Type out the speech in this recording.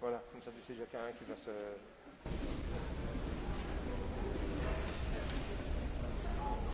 Voilà, comme ça tu sais, il y a quelqu'un qui va se